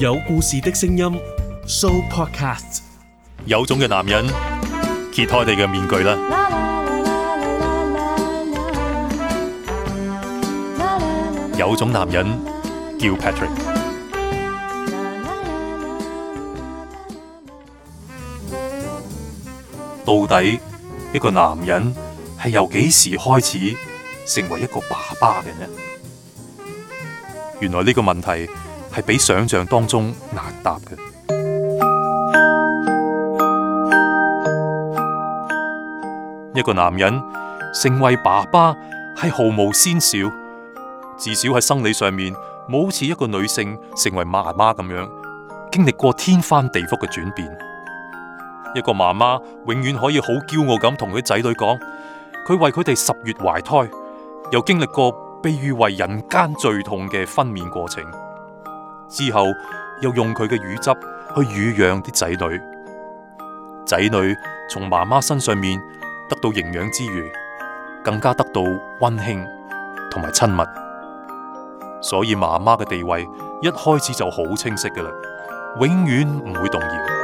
有故事的聲音，So Podcast。有種嘅男人，揭開你嘅面具啦。有種男人，叫 Patrick。到底一個男人係由幾時開始成為一個爸爸嘅呢？原來呢個問題。係比想象當中難答嘅一個男人成為爸爸係毫無先兆，至少喺生理上面冇好似一個女性成為媽媽咁樣經歷過天翻地覆嘅轉變。一個媽媽永遠可以好驕傲咁同佢仔女講，佢為佢哋十月懷胎，又經歷過被譽為人間最痛嘅分娩過程。之後又用佢嘅乳汁去乳養啲仔女，仔女從媽媽身上面得到營養之餘，更加得到溫馨同埋親密，所以媽媽嘅地位一開始就好清晰㗎喇，永遠唔會動搖。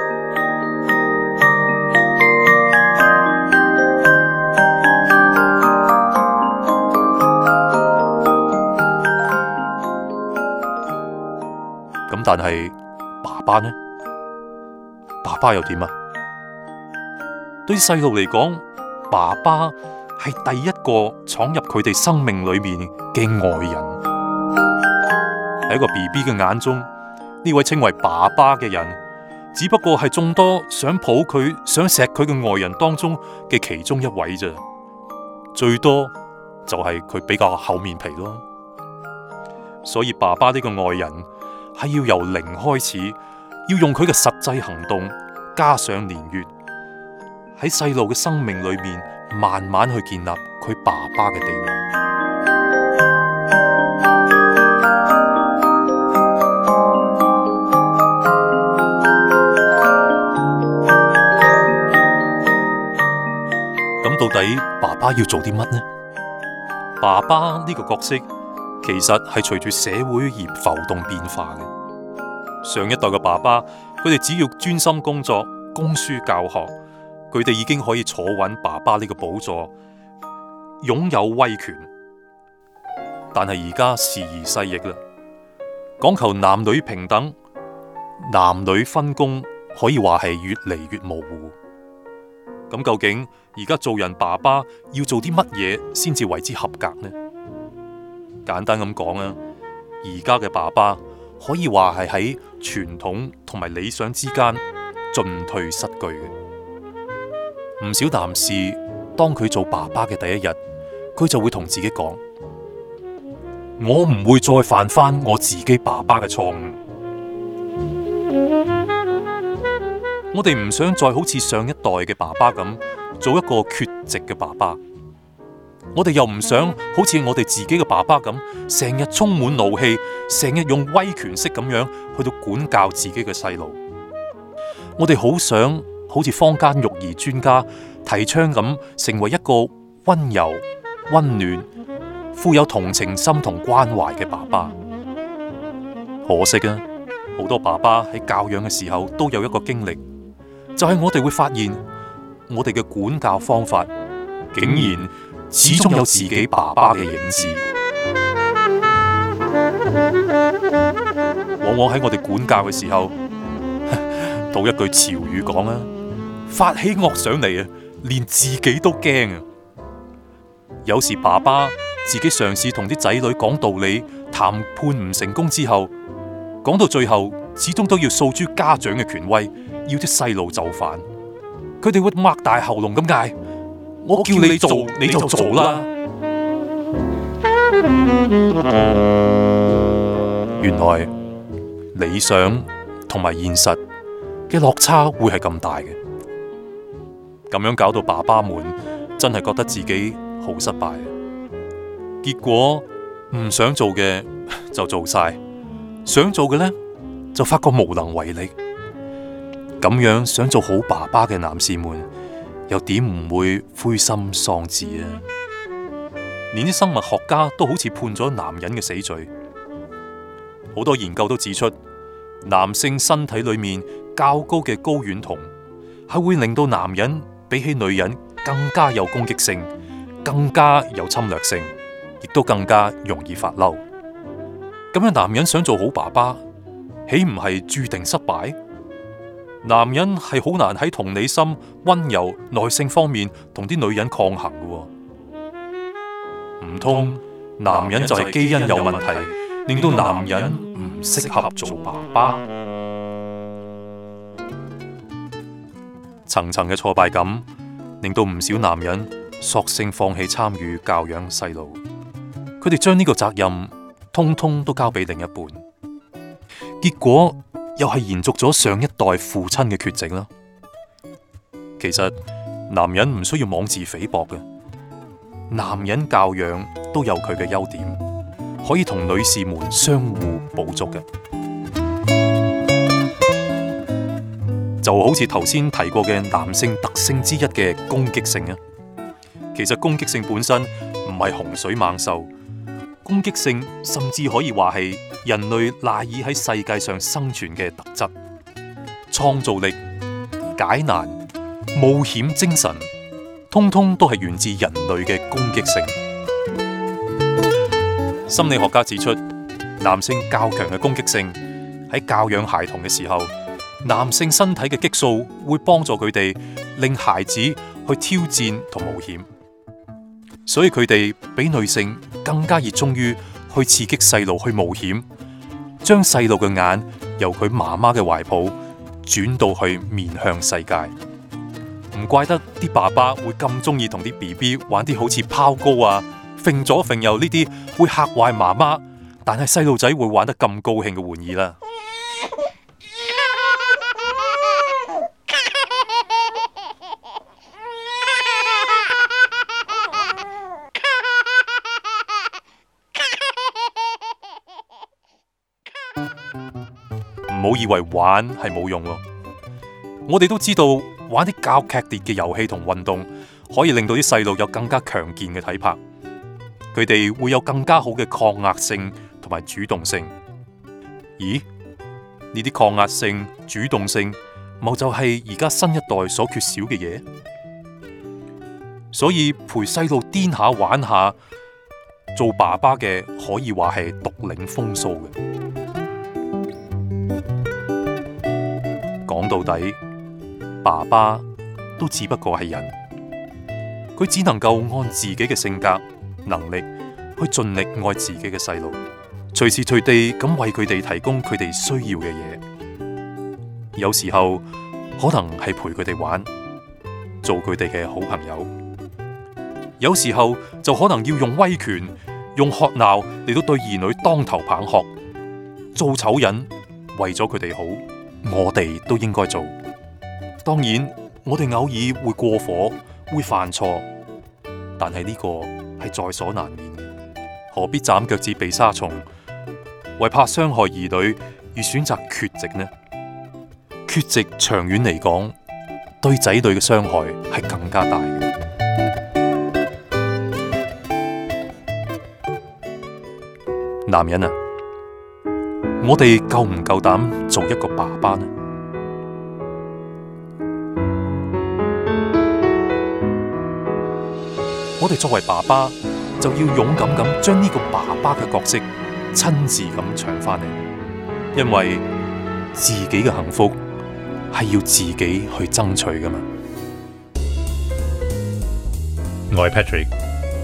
但係爸爸呢？爸爸又點啊？對細路嚟講，爸爸係第一個闖入佢哋生命裏面嘅外人。喺個 BB 嘅眼中，呢位稱為爸爸嘅人，只不過係眾多想抱佢、想錫佢嘅外人當中嘅其中一位啫。最多就係佢比較厚面皮咯。所以爸爸呢個外人。係要由零開始，要用佢嘅實際行動加上年月，喺細路嘅生命裏面慢慢去建立佢爸爸嘅地位。咁 到底爸爸要做啲乜呢？爸爸呢個角色，其實係隨住社會而浮動變化嘅。上一代嘅爸爸，佢哋只要專心工作、供書教學，佢哋已經可以坐穩爸爸呢個寶座，擁有威權。但係而家時移世易啦，講求男女平等，男女分工可以話係越嚟越模糊。咁究竟而家做人爸爸要做啲乜嘢先至為之合格呢？簡單咁講啊，而家嘅爸爸可以話係喺傳統同埋理想之間進退失據嘅。唔少男士當佢做爸爸嘅第一日，佢就會同自己講：我唔會再犯返我自己爸爸嘅錯誤。我哋唔想再好似上一代嘅爸爸咁，做一個缺席嘅爸爸。我哋又唔想好似我哋自己嘅爸爸咁，成日充滿怒氣，成日用威權式咁樣去到管教自己嘅細路。我哋好想好似坊間育兒專家提倡咁，成為一個溫柔、溫暖、富有同情心同關懷嘅爸爸。可惜啊，好多爸爸喺教養嘅時候都有一個經歷，就係我哋會發現我哋嘅管教方法竟然，始終有自己爸爸嘅影子，往往喺我哋管教嘅時候，道一句潮語講啊，發起惡上嚟啊，連自己都驚啊！有時爸爸自己嘗試同啲仔女講道理談判唔成功之後，講到最後始終都要訴諸家長嘅權威，要啲細路就範，佢哋會擘大喉嚨咁嗌。我叫你做你就做啦。原來理想同埋現實嘅落差會係咁大嘅，咁樣搞到爸爸們真係覺得自己好失敗。結果唔想做嘅就做晒，想做嘅呢就發覺無能為力。咁樣想做好爸爸嘅男士們。又點唔會灰心喪志啊？連啲生物學家都好似判咗男人嘅死罪。好多研究都指出，男性身體裏面較高嘅睾丸酮，係會令到男人比起女人更加有攻擊性、更加有侵略性，亦都更加容易發嬲。咁樣男人想做好爸爸，豈唔係注定失敗？男人係好難喺同理心、溫柔、耐性方面同啲女人抗衡嘅，唔通男人就係基因有問題，令到男人唔適合做爸爸。層層嘅挫敗感，令到唔少男人索性放棄參與教養細路，佢哋將呢個責任通通都交俾另一半，結果。又係延續咗上一代父親嘅缺席啦。其實男人唔需要妄自菲薄嘅，男人教養都有佢嘅優點，可以同女士們相互補足嘅。就好似頭先提過嘅男性特性之一嘅攻擊性啊。其實攻擊性本身唔係洪水猛獸，攻擊性甚至可以話係。人類賴以喺世界上生存嘅特質，創造力、解難、冒險精神，通通都係源自人類嘅攻擊性。心理學家指出，男性較強嘅攻擊性，喺教養孩童嘅時候，男性身體嘅激素會幫助佢哋，令孩子去挑戰同冒險，所以佢哋比女性更加熱衷於。去刺激細路去冒險，將細路嘅眼由佢媽媽嘅懷抱轉到去面向世界，唔怪得啲爸爸會咁中意同啲 BB 玩啲好似拋高啊、揈左揈右呢啲，會嚇壞媽媽，但係細路仔會玩得咁高興嘅玩意啦。唔好以為玩係冇用咯，我哋都知道玩啲較劇烈嘅遊戲同運動，可以令到啲細路有更加強健嘅體魄，佢哋會有更加好嘅抗壓性同埋主動性。咦？呢啲抗壓性、主動性，咪就係而家新一代所缺少嘅嘢？所以陪細路癲下、玩下，做爸爸嘅可以話係獨領風騷嘅。講到底，爸爸都只不過係人，佢只能夠按自己嘅性格、能力去盡力愛自己嘅細路，隨時隨地咁為佢哋提供佢哋需要嘅嘢。有時候可能係陪佢哋玩，做佢哋嘅好朋友；有時候就可能要用威權、用喝鬧嚟到對兒女當頭棒喝，做醜人，為咗佢哋好。我哋都應該做。當然，我哋偶爾會過火，會犯錯，但係呢個係在所難免嘅。何必斬腳趾避沙蟲，為怕傷害兒女而選擇缺席呢？缺席長遠嚟講，對仔女嘅傷害係更加大嘅。男人啊！我哋夠唔夠膽做一個爸爸呢？我哋作為爸爸，就要勇敢咁將呢個爸爸嘅角色親自咁搶翻嚟，因為自己嘅幸福係要自己去爭取噶嘛。我係 Patrick，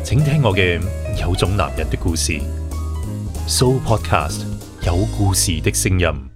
請聽我嘅有種男人的故事，So Podcast。有故事的聲音。